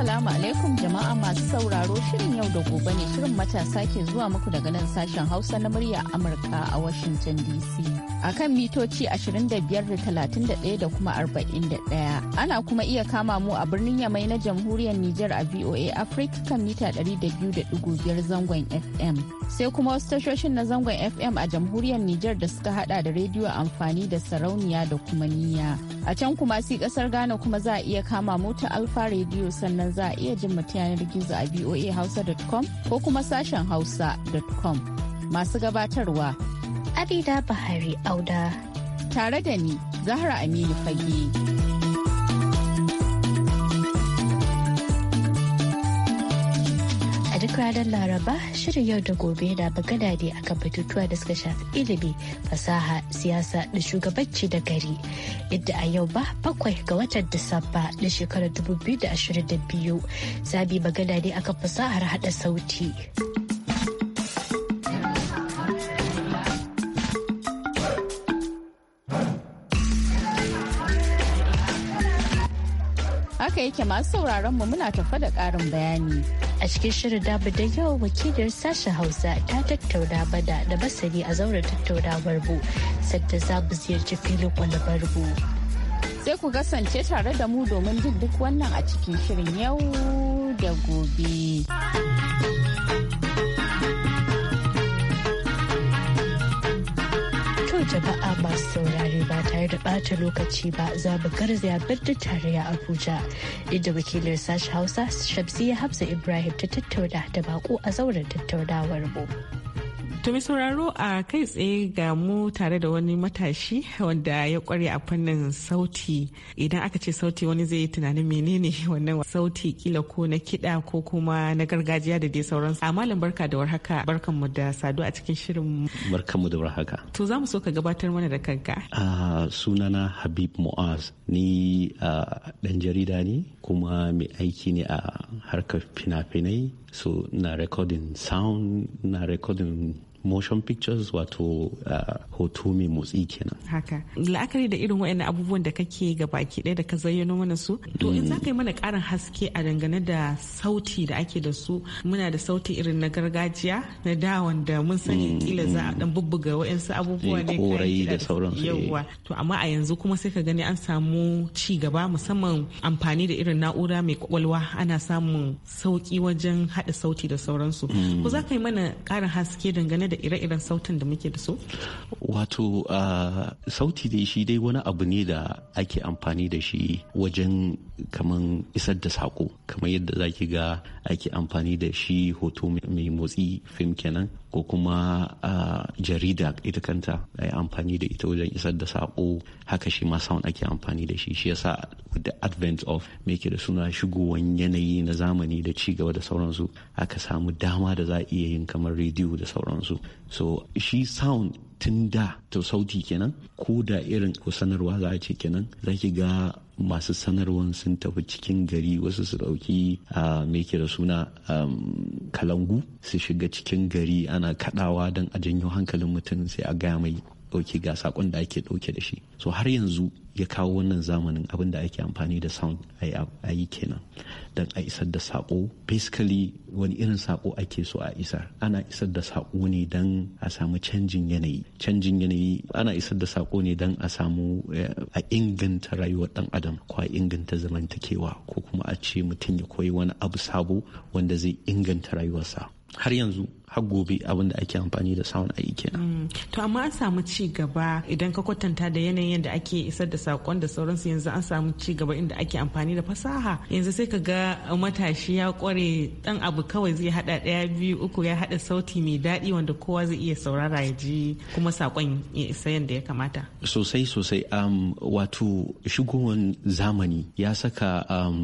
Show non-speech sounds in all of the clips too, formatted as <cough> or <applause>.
Assalamu alaikum jama'a masu sauraro shirin yau da gobe ne shirin matasa ke zuwa muku daga nan sashen Hausa na murya Amurka a Washington DC. a kan mitoci 25.31 da kuma 41. Ana kuma iya kama mu a birnin Yamai na jamhuriyar Nijar a VOA Africa kan mita 200.5 zangon FM. Sai kuma wasu tashoshin na zangon FM a jamhuriyar Nijar da suka hada da rediyo amfani da sarauniya da kuma niya. A can kuma si kasar Ghana kuma za a iya kama mu ta Alfa rediyo sannan za a iya jin yanar gizo a voahausa.com ko kuma sashen hausa.com. Masu gabatarwa Adida Bahari Auda. Tare da ni, Zahra Aminu Fage. a duk ranar laraba shirin yau da gobe na magana ne akan batutuwa da suka shafi ilimi fasaha siyasa da shugabanci da gari inda a yau ba bakwai ga watan disamba na shekarar 2022 zabi magana ne akan fasahar hada sauti. haka yake masu sauraron mu muna tafa da ƙarin bayani. A cikin shirin dabu da yau wakilar sashen Hausa ta tattauna bada da basari a zauren tattaunawar barbu sadda za mu ziyarci filin wani barbu. Sai ku kasance tare da mu domin jin duk wannan a cikin shirin yau da gobe. kawai jama'a masu saurare ba tare da ɓata lokaci ba za mu garzaya birnin tarayya Abuja inda wakilin sashi Hausa Shamsiyya Hafsa Ibrahim ta tattauna da bako a zauren tattaunawar mu. To mai sauraro a kai tsaye ga mu tare da wani matashi wanda ya kware a fannin sauti idan aka ce sauti wani zai yi tunanin menene wannan sauti kila ko na kiɗa ko kuma na gargajiya da dai sauransu. A malam barka da warhaka barkan mu da sadu a cikin shirin. Barkan mu da warhaka. To za mu so ka gabatar mana da kanka. sunana Habib Mu'az ni dan jarida ne kuma mai aiki ne a harkar fina-finai so na recording sound na recording motion pictures wato uh, hoto mai motsi kenan haka la'akari da irin wayannan abubuwan da kake ga baki ɗaya da ka zayyano mana su to in za ka yi mana ƙarin haske a dangane da sauti da ake da su muna da sauti irin na gargajiya na dawon da mun sani mm, kila za a dan mm. bubbuga wayansu abubuwa eh, ne korai da sauran eh. yawa to amma a yanzu kuma sai ka gani an samu ci gaba musamman amfani da irin na'ura mai kwakwalwa ana samun sauki wajen haɗa sauti da sauransu ko mm. za ka yi mana ƙarin haske dangane da ire-iren sautin da muke da su? Wato sauti dai shi dai wani abu ne da ake amfani da shi wajen kaman isar da sako kamar yadda zaki ga ake amfani da shi hoto mai motsi fim kenan ko kuma jarida ita kanta a yi amfani da ita wajen isar da sako haka shi ma sound ake amfani da shi shi yasa the advent of mai ke da suna shigowan yanayi na zamani da ci gaba da sauransu aka samu dama da za a iya yin kamar rediyo da sauransu so shi sound tun da ta sauti kenan ko da irin ko sanarwa za a ce kenan za ki ga masu sanarwan sun tafi cikin gari wasu su dauki a me da suna kalangu su shiga cikin gari ana kadawa don a janyo hankalin mutum sai a gaya mai ɗauke ga sakon da ake dauke da shi so har yanzu ya kawo wannan zamanin abin da ake amfani da sound a yi kenan don a isar da sako basically wani irin sako ake so a isar ana isar da sako ne don a samu canjin yanayi canjin yanayi ana isar da sako ne don a samu eh, a inganta rayuwar dan adam ko a inganta zamantakewa ko kuma a ce mutum ya koyi wani abu sabo wanda zai inganta rayuwarsa har yanzu har gobe abin da ake amfani da sound ayi kenan. Mm. To amma an samu ci gaba idan ka kwatanta da yanayin da ake isar da sakon da sauransu yanzu an samu ci gaba inda ake amfani da fasaha yanzu sai ka ga matashi ya kware dan abu kawai zai hada daya biyu uku ya hada sauti mai daɗi wanda kowa zai iya saurara ya ji kuma sakon ya isa yadda ya kamata. Sosai sosai um, wato shigowan zamani ya saka um,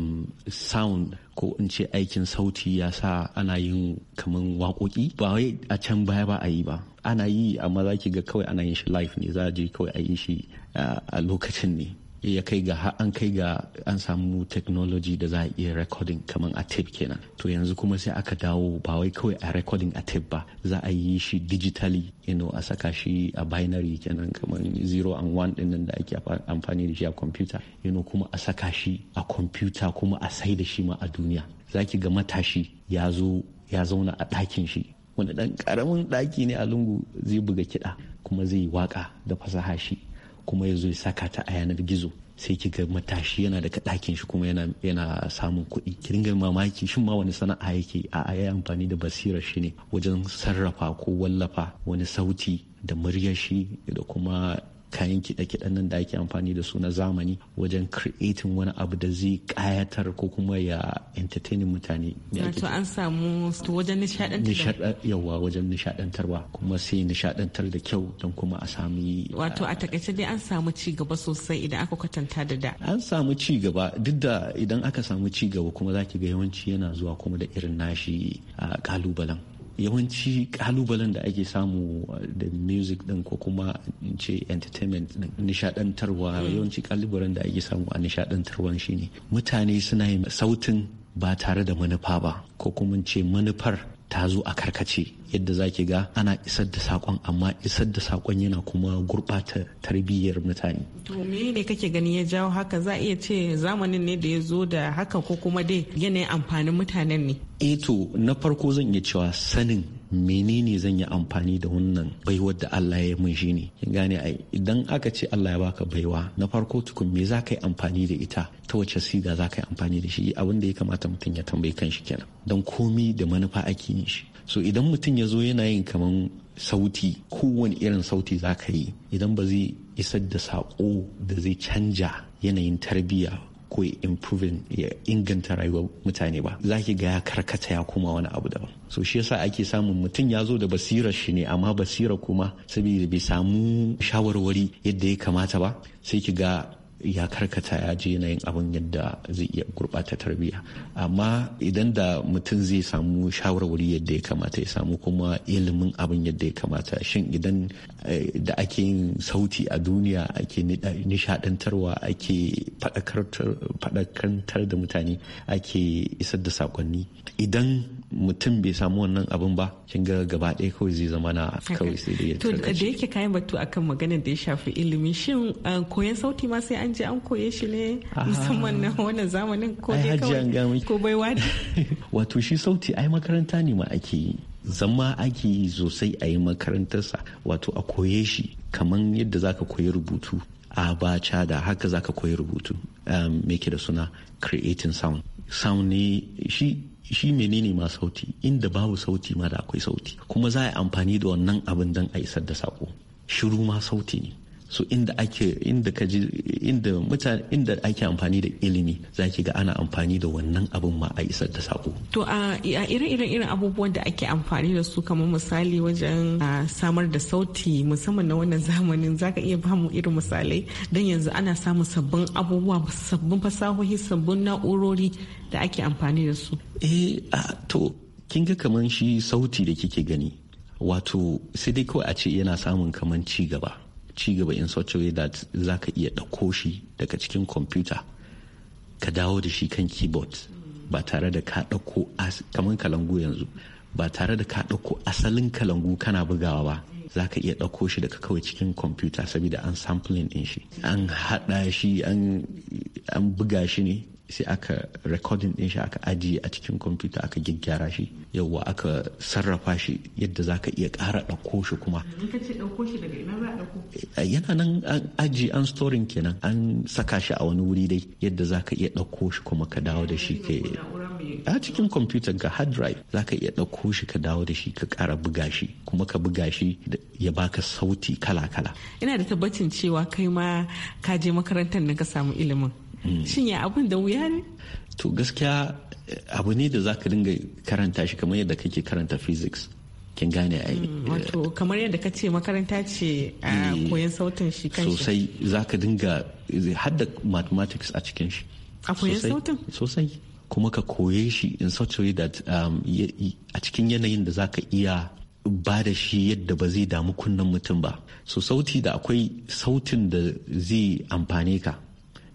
sound ko in ce aikin sauti ya sa ana yin kamar waƙoƙi ba wai a can baya ba a yi ba ana yi amma za ki ga kawai ana yin shi live ne za a je kawai a yi shi a lokacin ne eh, ya kai ga an kai ga an samu technology da za a iya recording kamar a tape kenan to yanzu kuma sai aka dawo ba wai kawai a recording a tape ba za a yi shi digitally you know a saka shi a binary kenan kamar zero and one din nan da ake amfani da shi a computer you know kuma a saka shi a computer kuma a sai da shi ma a duniya zaki ga matashi ya zo ya zauna a ɗakin shi wani dan karamin daki ne a lungu zai buga kiɗa kuma zai yi waka da fasaha shi kuma ya zo saka ta a yanar gizo sai ki ga matashi yana daga ɗakin shi kuma yana yana samun kuɗi ki dinga mamaki shin ma wani sana'a yake a ya amfani da basirar shi ne wajen sarrafa ko wallafa wani sauti da muryar shi da kuma kayan kiɗe-kiɗen nan da ake amfani da su na zamani wajen creating wani abu da zai kayatar ko kuma ya entertaining mutane wato an samu wajen nishadantarwa yawa wajen nishadantarwa kuma sai nishadantar da kyau don kuma a sami wato ah, a takaice dai an samu ci gaba sosai idan aka kwatanta da da an samu ci gaba duk da idan aka samu ci gaba kuma zaki ga yawanci yana zuwa kuma da irin nashi kalubalen ah, yawanci kalubalen da ake samu uh, da music din ko kuma in ce entertainment nishadantarwa mm. yawanci kalubalen da ake samu a nishadantarwa shine mutane suna yin sautin ba tare da manufa ba ko kuma ce manufar ta zo a karkace yadda za ki ga ana isar da sakon amma isar da sakon yana kuma gurɓata tarbiyyar mutane. To me ne kake gani ya jawo haka za iya ce zamanin ne da ya zo da haka ko kuma dai yanayin amfanin mutanen ne? Eh to na farko zan iya cewa sanin menene zan yi amfani da wannan baiwar da Allah ya mun shi ne gane ai idan aka ce Allah ya baka baiwa na farko tukun me za ka yi amfani da ita ta wace siga za ka yi amfani da shi abin da ya kamata mutum ya tambayi shi kenan don komi da manufa ake yin shi so idan mutum ya zo yana yin kaman sauti kowane irin sauti za ka yi idan ba zai isar da saƙo da zai canja yanayin tarbiyya ko ya improving ya inganta rayuwar mutane ba za ki ga ya karkata ya koma wani abu daban so shi yasa ake samun mutum ya zo da basirar shi ne amma basirar kuma saboda bai samu shawarwari yadda ya kamata ba sai ki ga ya karkata ya je yanayin abin yadda zai iya gurɓata tarbiyya amma idan da mutum zai samu shawarwari yadda ya kamata ya samu kuma ilimin abin yadda ya kamata shin idan eh, da ake yin sauti a duniya ake nishadantarwa ake faɗakantar da mutane ake isar da sakonni idan mutum bai samu wannan abin ba kin ga gaba ɗaya kawai zai zama na kawai sai da to da yake kayan batu akan maganar da ya shafi ilimi shin eh, koyan sauti ma sai an je an koye shi ne musamman na wannan zamanin ko dai kawai ko wani <laughs> wato shi sauti ai makaranta ne ma ake yi zama ake yi sosai a yi makarantarsa wato a koye shi kamar yadda zaka koyi rubutu a baca da haka zaka koyi rubutu me ke da suna creating sound sound ne shi shi menene ma sauti inda babu sauti ma da akwai sauti kuma za a yi amfani da wannan abin don a isar da sako shiru ma sauti ne su inda ake inda amfani da ilimi ki ga ana amfani da wannan abin ma a isar da sako to a ire-iren irin abubuwan da ake amfani da su kamar misali wajen samar da sauti musamman na wannan zamanin zaka iya bamu irin misalai don yanzu ana samun sabbin abubuwa sabbin fasahohi sabbin na'urori da ake amfani da su eh to kin ga kamar shi sauti da kike gani wato sai dai kawai a ce yana samun kamar ci gaba Cigaba in such a way that za ka iya ɗauko shi daga cikin kwamfuta ka dawo da shi kan keyboard ba tare da ka ɗauko kamar kalangu yanzu ba tare da ka ɗauko asalin kalangu kana bugawa ba za ka iya ɗauko shi daga kawai cikin kwamfuta saboda an sampling ɗin shi an haɗa shi an buga shi ne sai aka recording din shi aka ajiye a cikin kwamfuta aka gyaggyara shi yauwa aka sarrafa shi yadda za ka iya ƙara ɗauko shi kuma eh, yana nan an aji an storin kenan an saka shi a wani wuri dai yadda za ka iya ɗauko shi kuma ka dawo da shi ke a cikin kwamfuta ga hard drive za ka iya ɗauko shi ka dawo da shi ka kara buga shi kuma ka buga shi ya baka sauti kala-kala ina da tabbacin cewa kai ma ka je makarantar na ka samu ilimin shin ya abin da wuya ne to gaskiya abu ne da zaka dinga karanta shi kamar yadda kake karanta physics kin gane ai hmm, wato kamar yadda ka ce makaranta ce a eh, koyon sautin shi kan sosai zaka dinga hadda mathematics a cikin shi a koyon sautin sosai kuma ka koye shi in such a way that um, a cikin yanayin da zaka iya ba da shi yadda ba zai damu kunnen mutum ba so sauti da akwai sautin da zai amfane ka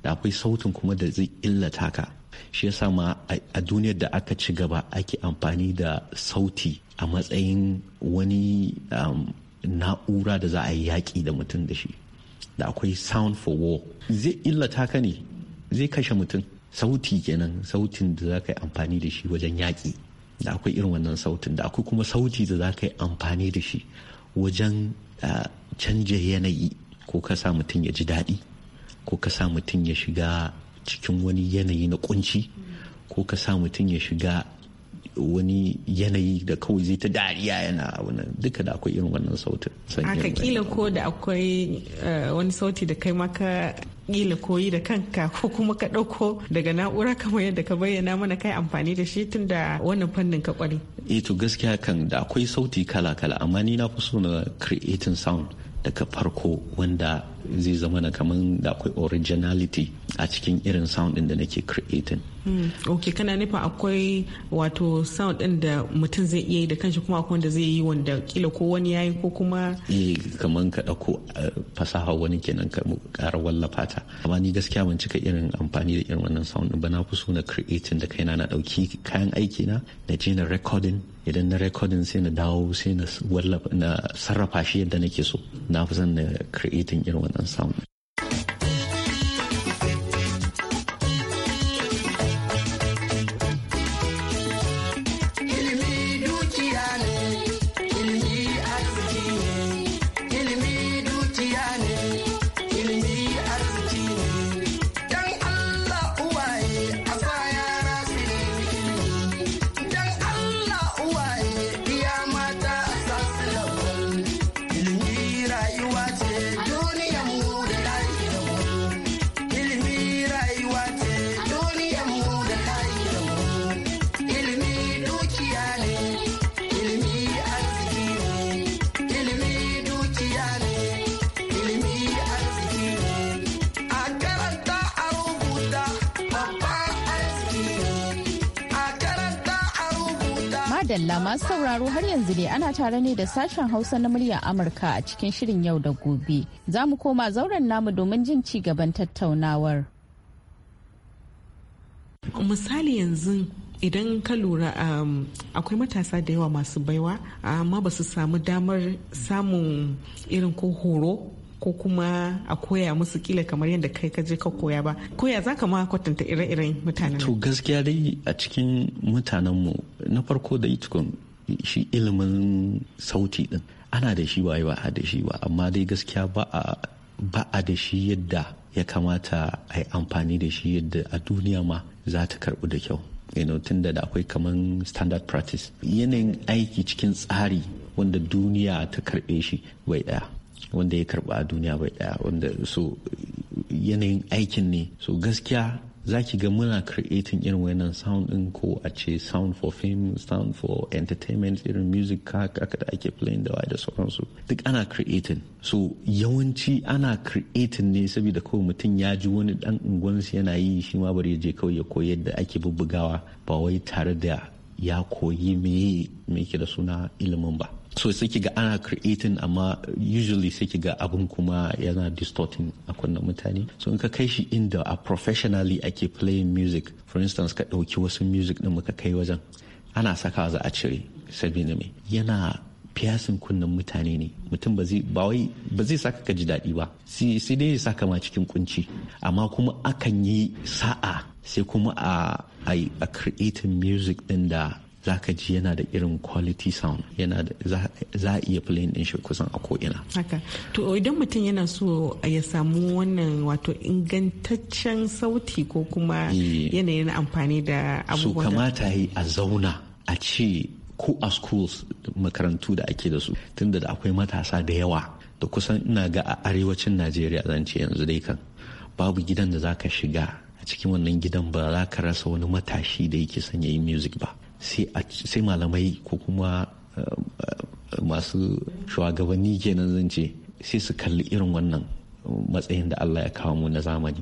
da akwai sautin kuma da zai illata ka shi yasa ma a duniyar da aka ci gaba ake amfani da sauti a matsayin wani um, na'ura da za a yi yaƙi da mutum da shi da akwai sound for war zai illata ka ne zai kashe mutum sauti kenan sautin da za ka yi amfani da shi wajen yaƙi da akwai irin wannan sautin da akwai kuma sauti da za ka yi amfani da shi wajen uh, canja yanayi ko ka sa mutum ya ji daɗi ko ka sa mutum ya shiga cikin wani yanayi na kunci ko ka sa mutum ya shiga wani yanayi da kawai zai ta dariya yana wani duka da akwai irin wannan sautin aka kila ko da akwai eh, wani sauti da kai maka kila koyi da kanka ko kuma ka ɗauko daga na'ura kamar yadda ka bayyana mana kai amfani da shi tun da wannan fannin ka kware eh to gaskiya kan da akwai sauti kala kala amma ni na fi so na creating sound daga farko wanda zai zama na kamar da akwai originality a cikin irin sound din da nake creating hmm. ok kana nufa akwai wato sound din da mutum zai iya yi da kanshi kuma akwai wanda zai yi wanda kila ko wani ya yi ko kuma eh kaman ka dauko eh, fasaha wani kenan ka kara wallafa ta amma ni gaskiya ban cika irin amfani da irin wannan sound din ba na fi so na creating da kaina na ɗauki kayan aiki na na je na recording idan na recording sai na dawo sai na sarrafa shi yadda nake so na fi son na creating irin 能上。dalla masu sauraro har yanzu ne ana tare ne da sashen Hausa na muryar Amurka a cikin shirin yau da gobe. Za mu koma zauren namu domin jin ci gaban tattaunawar. Misali yanzu idan ka lura um, akwai matasa da yawa masu baiwa amma ba su samu damar samun irin ko horo ko kuma a koya musu kila kamar yadda kai ka je ka koya ba koya za ka ma kwatanta ire-iren mutanen to gaskiya dai a cikin mu na farko da itukun shi ilimin sauti din ana da shi ba ba a da shi ba amma dai gaskiya ba a da shi yadda ya kamata a yi amfani da shi yadda a duniya ma za ta karbu da kyau you tun da akwai kamar standard practice yanayin aiki cikin tsari wanda duniya ta karɓe shi bai ɗaya wanda ya karba a duniya bai daya wanda so yanayin aikin ne so gaskiya za ki ga muna creating irin wannan sound din ko a ce sound for film sound for entertainment irin music haka da ake playing da da sauransu duk ana creating so yawanci ana creating ne saboda kawai mutum ya ji wani dan unguwansu yana yi shi ma bari ya je kawai ya koyi yadda ake bubbugawa ba wai tare da ya koyi me me ke da suna ilimin ba so sai ki ga ana creating amma usually sai ki ga abun kuma yana distorting a kunnen mutane so in ka kai shi inda a professionally ake playing music for instance ka ɗauki wasu music din muka kai wajen ana saka za a cire sabina mai yana fiyasin kunnen mutane ne mutum ba zai saka ka ji daɗi ba sai dai ya saka ma cikin kunci amma kuma akan yi sa'a sai kuma a a creating music din da za ka ji yana da irin quality sound yana da za a iya playing din shi kusan a ko'ina. haka to idan mutum yana so ya samu wannan wato ingantaccen sauti ko kuma eh. yanayin amfani da abubuwan Su kamata yi a zauna a ce ko a schools makarantu da ake da su tunda da akwai matasa da yawa da kusan ina ga a arewacin najeriya zan ce yanzu dai kan babu gidan da za ka shiga a cikin wannan gidan ba za ka rasa wani matashi da yake son ya yi music ba sai malamai ko kuma eh, eh, masu shugabanni kenan zan ce sai su kalli irin wannan eh, matsayin da Allah ya kawo mu na zamani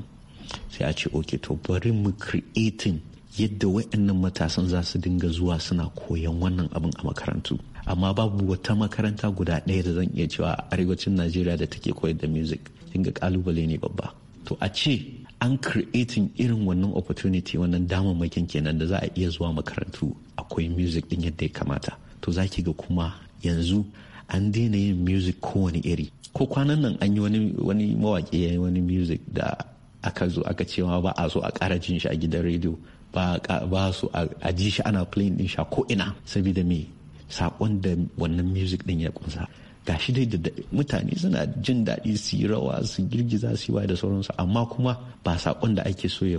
sai a ce oke to bari mu creating yadda wayannan matasan za su dinga zuwa suna koyan wannan abin a makarantu amma babu wata makaranta guda ɗaya da zan iya cewa a arewacin najeriya da take koyar da music dinga kalubale ne babba to a ce an creating irin wannan opportunity wannan damammakin kenan da za a iya zuwa makarantu akwai music din yadda ya kamata to za ki ga kuma yanzu an daina yin music kowane iri ko kwanan nan an yi wani mawaƙi ya yi wani music da aka zo aka cewa ba a so a ƙara jin shi a gidan rediyo ba so a ji shi ana playing din sha ko ina saboda me saƙon da wannan music din ya kunsa gashi dai da mutane suna jin daɗi su yi rawa su girgiza su yi da sauransu amma kuma ba saƙon da ake so ya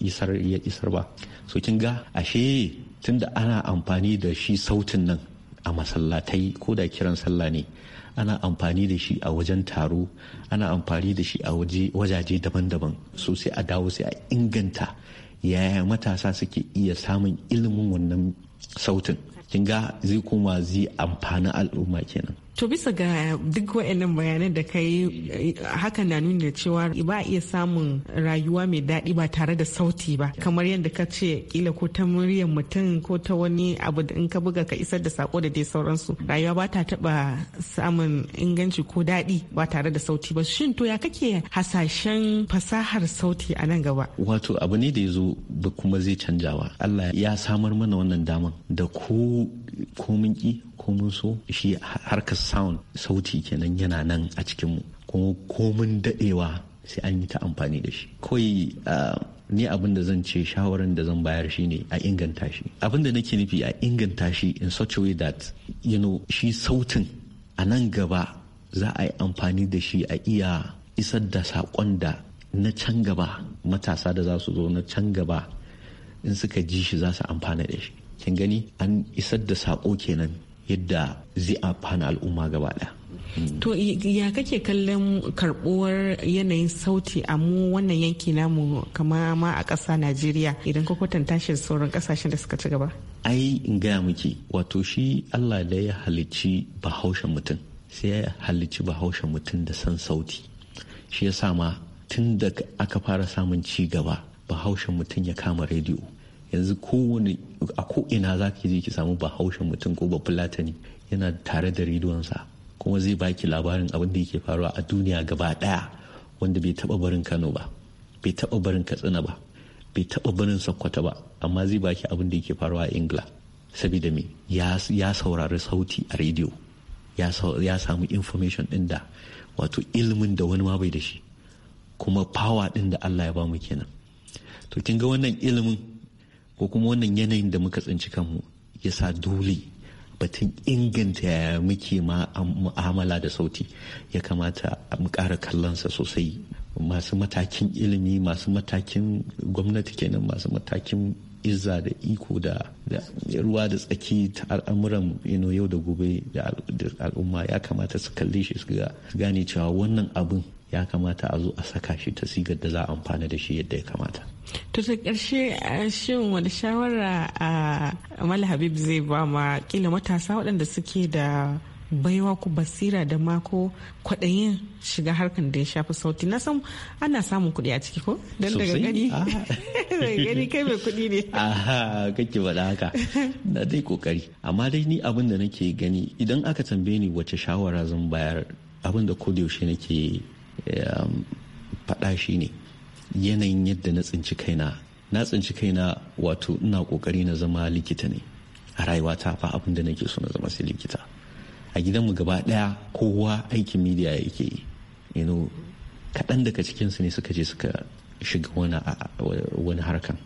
isar ba so kin ga ashe tun da ana amfani da shi sautin nan a masallatai ko da kiran sallah ne ana amfani da shi a wajen taro ana amfani da shi a wajaje daban-daban so sai a dawo sai a inganta yaya matasa suke iya samun ilimin wannan sautin kin ga zai koma zai amfani al'umma kenan to bisa ga duk wa'annan bayanan da kai hakan na nuna cewa ba a iya samun rayuwa mai daɗi ba tare da sauti ba kamar yadda ka ce kila ko ta muryar mutum ko ta wani abu da in ka buga ka isar da sako da dai sauransu rayuwa ba ta taɓa samun inganci ko daɗi ba tare da sauti ba shin to ya kake hasashen fasahar sauti a nan gaba wato abu ne da ya zo ba kuma zai canjawa Allah ya samar mana wannan dama da ko komin ki mun so shi harkar sound sauti kenan yana nan a cikinmu kuma komin dadewa sai an yi ta amfani da shi kawai ni abin da zan ce shawaran da zan bayar shi ne a inganta shi abin da nake nufi a inganta shi in such a way that you know shi sautin a nan gaba za a yi amfani da shi a iya isar da saƙon da na can gaba matasa da za su zo na can gaba in suka ji shi za su amfana da shi kin gani an isar da sako kenan yadda zai amfana al'umma gaba ɗaya hmm. to ya kake kallon karbuwar yanayin sauti a mu wannan yanki namu kama ma a ƙasa najeriya idan ka kwatanta shi sauran ƙasashen da suka ci gaba ai in gaya miki wato shi allah da ya halicci bahaushen mutum sai ya halicci bahaushen mutum da san sauti shi ya ma tun da aka fara samun ci gaba bahaushen mutum ya kama rediyo yanzu kowane a ko'ina za zaki je ki samu bahaushe mutum ko ba fulatani yana tare da rediyonsa kuma zai baki labarin abin da yake faruwa a duniya gaba daya wanda bai taba barin kano ba bai taba barin katsina ba bai taba barin sokoto ba amma zai baki abin da yake faruwa a ingila saboda me ya saurari sauti a rediyo ya samu information din da wato ilimin da wani ma bai da shi kuma power din da allah ya ba mu kenan to kin ga wannan ilimin ko kuma wannan yanayin da muka tsinci kanmu ya sa dole batun inganta yaya muke ma mu'amala da sauti ya kamata mu ƙara kallonsa sosai masu matakin ilimi masu matakin gwamnati kenan masu matakin izza da iko da ruwa da tsaki ta al'amuran yau da gobe da al'umma ya kamata su kalle shi su gane cewa wannan abin ya kamata a zo a saka shi ta sigar da za a amfana da shi yadda ya kamata. To ta ƙarshe eh, shin wani shawara a eh, Mal Habib zai ba ma kila matasa waɗanda suke da baiwa ku basira da mako kwaɗayin shiga harkar da ya shafi sauti na san ana samun kuɗi a ciki ko don daga gani ah. <laughs> gani kai mai kuɗi ne <laughs> aha kake faɗa haka na dai kokari amma dai ni abin da nake gani idan aka tambaye ni wace shawara zan bayar abin da kodayaushe nake faɗa shi ne yanayin yadda na tsinci kaina na tsinci kaina wato ina ƙoƙari na zama likita ne a rayuwa ta fa abin da nake so na zama sai likita a gidan mu gaba ɗaya kowa aikin midiya yake yi you kaɗan daga cikinsu ne suka je suka shiga wani harkan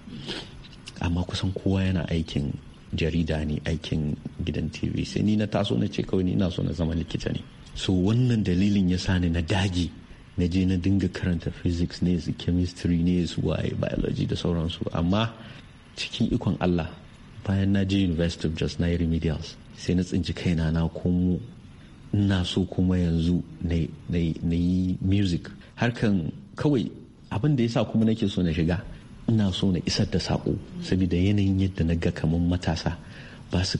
amma kusan kowa yana aikin jarida ne aikin gidan tv sai ni na taso na ce kawai ni ina so na zama likita ne so wannan dalilin ya sa ni na dagi na je na dinga karanta physics ne su chemistry ne su waye biology da sauransu amma cikin ikon allah bayan na je university of just na sai na tsinci kaina na komo ina so kuma yanzu na yi music harkan kawai abin da ya sa kuma nake so na shiga ina so na isar da saƙo saboda yanayin yadda na ga kamar matasa ba su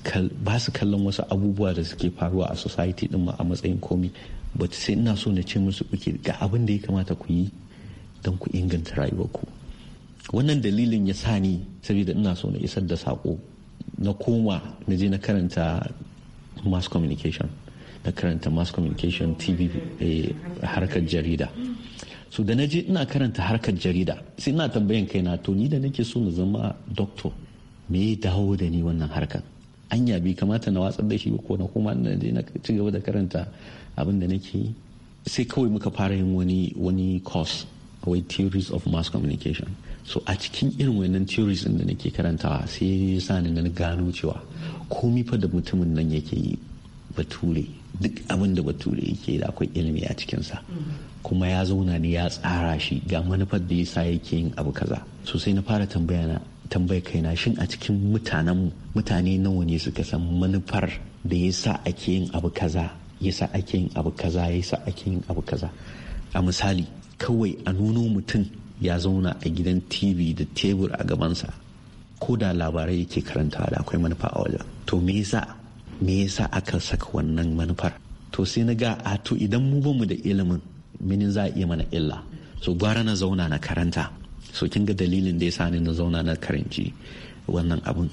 kallon wasu abubuwa da suke faruwa a society din ma a matsayin komi but sai ina so na ce musu kuke ga abin da ya kamata ku yi don ku inganta rayuwarku wannan dalilin ya sa ni saboda ina so na isar da sako na koma na je na karanta mass communication na karanta mass communication tv eh, harkar jarida so da na je ina karanta harkar jarida sai ina tambayan kaina to ni da nake so na zama doctor me ya dawo da ni wannan harkar anya bi kamata na watsar da shi ko na kuma na je na ci gaba da karanta abin da nake yi sai kawai muka fara yin wani wani course wai theories of mass communication so a cikin irin wannan theories din da nake karantawa sai ya ni na gano cewa komi fa da mutumin nan yake yi bature duk abin da bature yake da akwai ilimi a cikin sa mm-hmm. kuma ya zauna ne ya tsara shi ga manufar da yasa yake yin abu kaza sosai na fara tambaya na tambayi kaina shin a cikin mutanenmu mutane nawa ne suka san manufar da ya sa ake yin abu kaza ya sa ake yin abu kaza ya sa ake yin abu kaza a misali kawai a nuno mutum ya zauna a gidan tv da tebur a gabansa ko da labarai yake karantawa da akwai manufa a wajen to me yasa me yasa aka saka wannan manufar to sai na ga a to idan mu bamu da ilimin minin za a iya mana illa so gwara na zauna na karanta so kin ga dalilin da ya sa ni na zauna na karanci wannan abun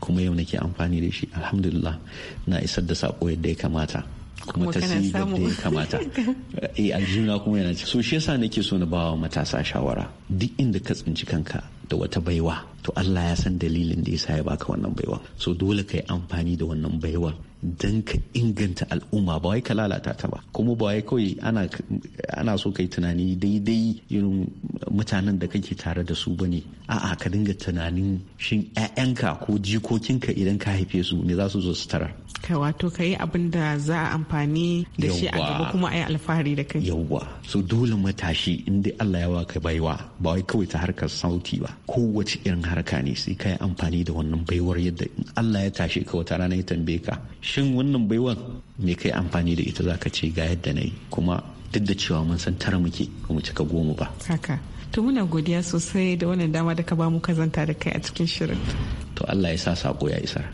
kuma yau nake amfani da shi alhamdulillah na isar da sako yadda ya kamata kuma ta sigar yadda ya kamata <laughs> eh aljuna kuma yana so shi yasa nake so na bawa matasa shawara duk inda ka tsinci kanka da wata baiwa to Allah ya san dalilin da ya sa ya baka wannan baiwa so dole ka yi amfani da wannan baiwa don ka inganta al'umma ba wai ka lalata ta ba kuma ba wai kawai ana so ka yi tunani daidai irin mutanen da kake tare da su ba ne a'a ka dinga tunanin shin 'ya'yanka ko jikokinka idan ka haife su ne za su zo su tara kai wato ka yi abin da za a amfani da shi a gaba kuma a yi alfahari da kai yauwa so dole matashi in dai Allah ya baka baiwa ba wai kawai ta harkar sauti ba kowace irin harka ne sai ka yi amfani da wannan baiwar yadda in Allah ya tashe ka wata rana ya tambaye ka shin wannan baiwar me kai amfani da ita zaka ce ga yadda na yi kuma duk da cewa mun san tara muke ba mu cika goma ba haka to muna godiya sosai da wannan dama da ka bamu kazanta da kai a cikin shirin to Allah ya sa sako ya isar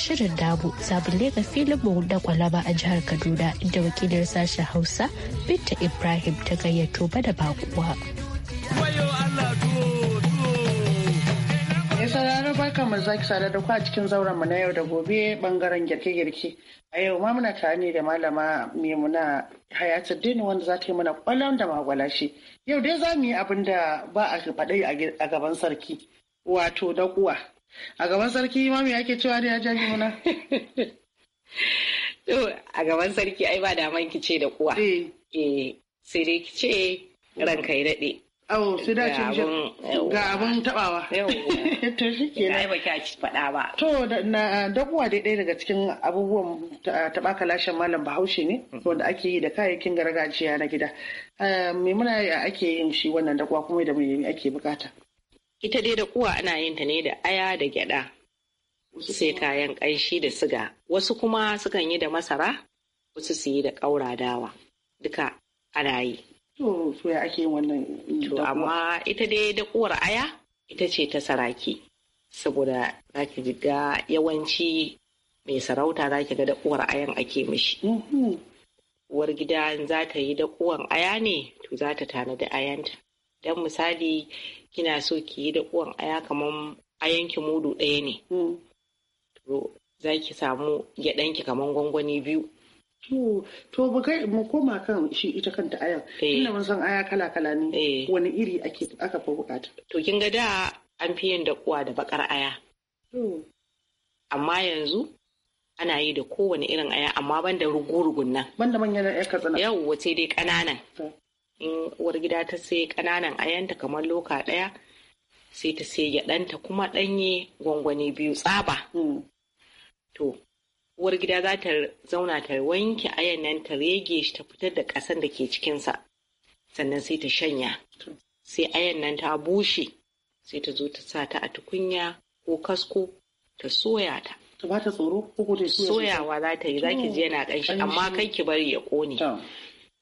shirin dabu sabon lega filin da kwalaba a jihar kaduna inda wakilin sashen hausa binta ibrahim ta gayyato ba da bakuwa. sauraro barka mu zaki sada da a cikin zauren mu na yau da gobe bangaren girke-girke. A yau ma muna tare ne da malama Maimuna Hayatuddin wanda za ta yi mana kwallon da magwalashi. Yau dai za mu yi abin da ba a faɗi a gaban sarki wato da kuwa. a gaban sarki ma ake cewa da ya ja juna a gaban sarki ai ba daman ki ce da kuwa eh. Eh, sai dai ki ce ranka ya daɗe Awo, su dace ga abin tabawa. <laughs> To shi ke nan. ba kya faɗa ba. To, na kuwa dai ɗaya daga cikin abubuwan taɓa kalashin malam bahaushe ne, mhm. wanda ake yi da kayayyakin gargajiya na gida. Eh, me muna ake yin shi wannan kuwa kuma da me ake bukata? ita dai da kuwa ana yin ta ne da aya da gyada wasu sai kayan ƙanshi da siga wasu kuma sukan yi da masara wasu su yi da ƙaura dawa duka ana yi to amma ita dai da kuwar aya ita ce ta saraki saboda za ki ga yawanci mai sarauta za ki ga da kuwar ayan ake mishi mhm. uwar gida za ta yi da kuwan aya ne to za ta tanadi ayanta dan misali kina so ki yi da uwan aya kamar ayanki mudu ɗaya ne hmm. to za ki samu gyaɗanki kamar gwangwani biyu To, to mu koma kan shi ita kanta ayan. Ina eh. mun san aya kala-kala ne. Eh. Wani iri ake aka fi bukata. To kin ga da an fi yin da kuwa da bakar aya. Amma yanzu ana yi da kowane irin aya amma ban da rugu-rugun nan. banda manyan aya katsina. yau wace dai ƙananan. in uwar gida ta sai ƙananan ayanta kamar loka ɗaya sai ta sai gyaɗanta kuma ɗanye gwangwani biyu tsaba hmm. to uwar gida za ta zauna ta wanke ayan nan ta rege shi ta fitar da ƙasan da ke cikinsa sannan sai ta shanya sai ayan ta bushe sai ta zo ta sa ta a tukunya ko kasko ta soya ta ta ba ta tsoro soyawa za ta yi za ki je hmm. yana ƙanshi amma kai ki bari ya ƙone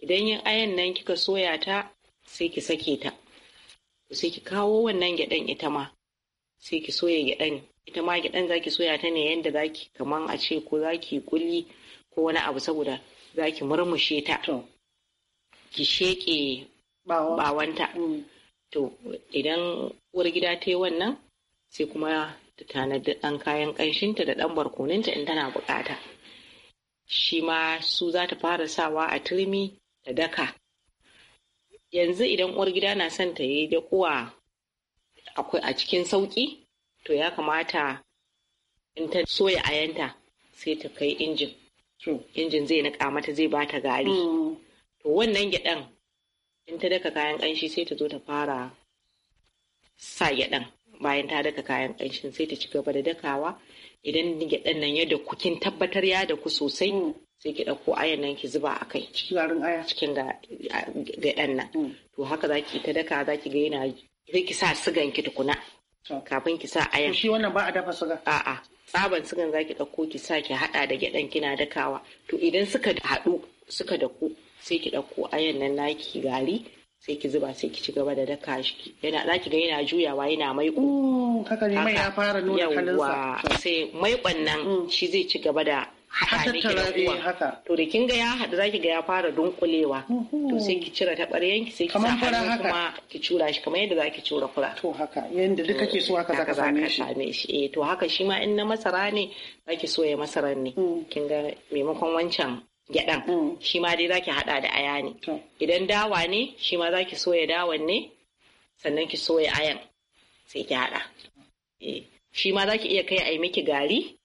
idan yin ayan nan kika soya ta sai ki sake ta sai ki kawo wannan gyaɗan ita ma sai ki soya gyaɗan ita ma gyaɗan za ki soya ta ne yadda za ki kaman a ce ko za ki kuli ko wani abu saboda za ki murmushe ta ki sheƙe bawanta mm. to idan uwar gida ta yi wannan sai kuma ta tanadi ɗan kayan ƙanshinta da ɗan barkoninta in tana buƙata shi ma su za ta fara sawa a turmi da daka yanzu idan uwar gida na son ta yi dakuwa akwai a cikin sauki to ya kamata in ta soya ayanta sai ta kai injin injin zai na mata zai ba ta gari mm. to wannan gyaɗan in ta daka kayan ƙanshi sai ta zo ta fara sa gyaɗan bayan ta daka kayan ƙanshin sai ta ci gaba da dakawa idan gyaɗan nan ya da kukin tabbatar ya daku sosai mm. sai ki ɗauko ayan nan ki zuba a kai cikin aya cikin ɗan nan mm. to haka za ki ta daka za ki ga yana sai ki sa sigan ki tukuna kafin ki sa ayan shi wannan ba a dafa suga a'a tsaban sigan za ki ɗauko ki sa ki haɗa da gyaɗan kina dakawa to idan suka haɗu suka daku sai ki ɗauko ayan nan naki gari sai ki zuba sai ki ci gaba da daka shi yana za ki ga yana juyawa yana mai mm, haka ne mai ya fara nuna kalinsa sai mai nan mm. shi zai ci gaba da haɗa da haka kin ga ya haɗu zaki ga ya fara dunkulewa to sai ki cire taɓar yanki sai ki sa hannu kuma ki cura shi kamar yadda zaki cura fura to haka yanda duk kake so haka zaka same shi same shi eh to haka shi ma in na masara ne zaki soya masaran ne mm. kin ga maimakon wancan gyaɗan mm. shi ma dai zaki haɗa da aya ne idan dawa ne shi ma zaki soya dawan ne sannan ki soya ayan sai ki haɗa eh, shi ma zaki iya kai a yi miki gari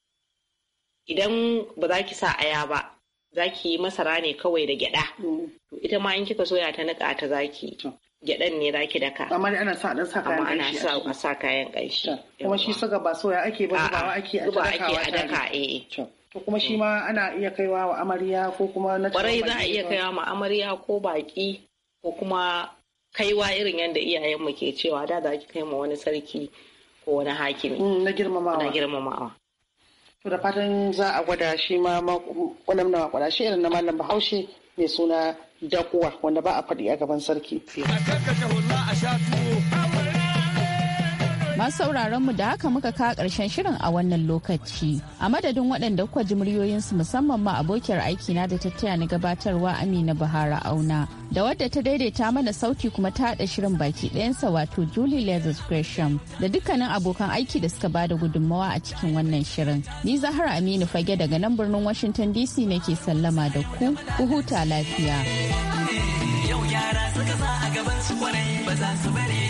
idan ba za ki sa aya ba za ki yi masara ne kawai da gyada mm. ita ma in kika soya ta nika ta za ki, gyadan ne za ki daka amma ne ana sa dan sa kayan ƙanshi. amma ana sa a sa kayan ƙanshi. kuma shi saka ba soya ake ba zubawa ake a daka ake a daka eh to kuma shi mm. ma ana iya kaiwa wa amarya ko kuma na kwarai za a iya kaiwa ma amarya ko baki ko kuma kaiwa irin yadda iyayenmu ke cewa da za ki kai ma wani sarki ko wani hakimi mm, na girmamawa na girmamawa To da fatan za a gwada shi ma wannan na gwada shi irin na malam Bahaushe mai suna dakuwa wanda ba a faɗi a gaban sarki. A Masu sauraronmu da haka muka ka karshen shirin a wannan lokaci. A madadin waɗanda kuka ji muryoyinsu musamman ma abokiyar aikina da tattaya na gabatarwa Amina Bahara Auna. Da wadda ta daidaita mana sauti kuma ta haɗa shirin baki ɗayansa wato Julie Lazarus Gresham da dukkanin abokan aiki da suka bada gudunmawa a cikin wannan shirin. Ni Zahra Aminu Fage daga nan birnin Washington DC nake sallama da ku, ku huta lafiya. Yau yara suka sa a gaban su kwarai ba za su bari